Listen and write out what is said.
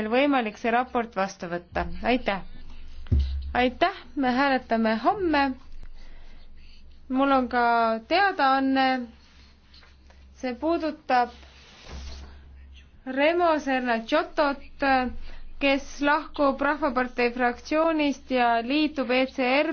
meil võimalik see raport vastu võtta. aitäh! aitäh, me hääletame homme. mul on ka teadaanne, see puudutab Remo Sernatšotot, kes lahkub Rahvapartei fraktsioonist ja liitub ECR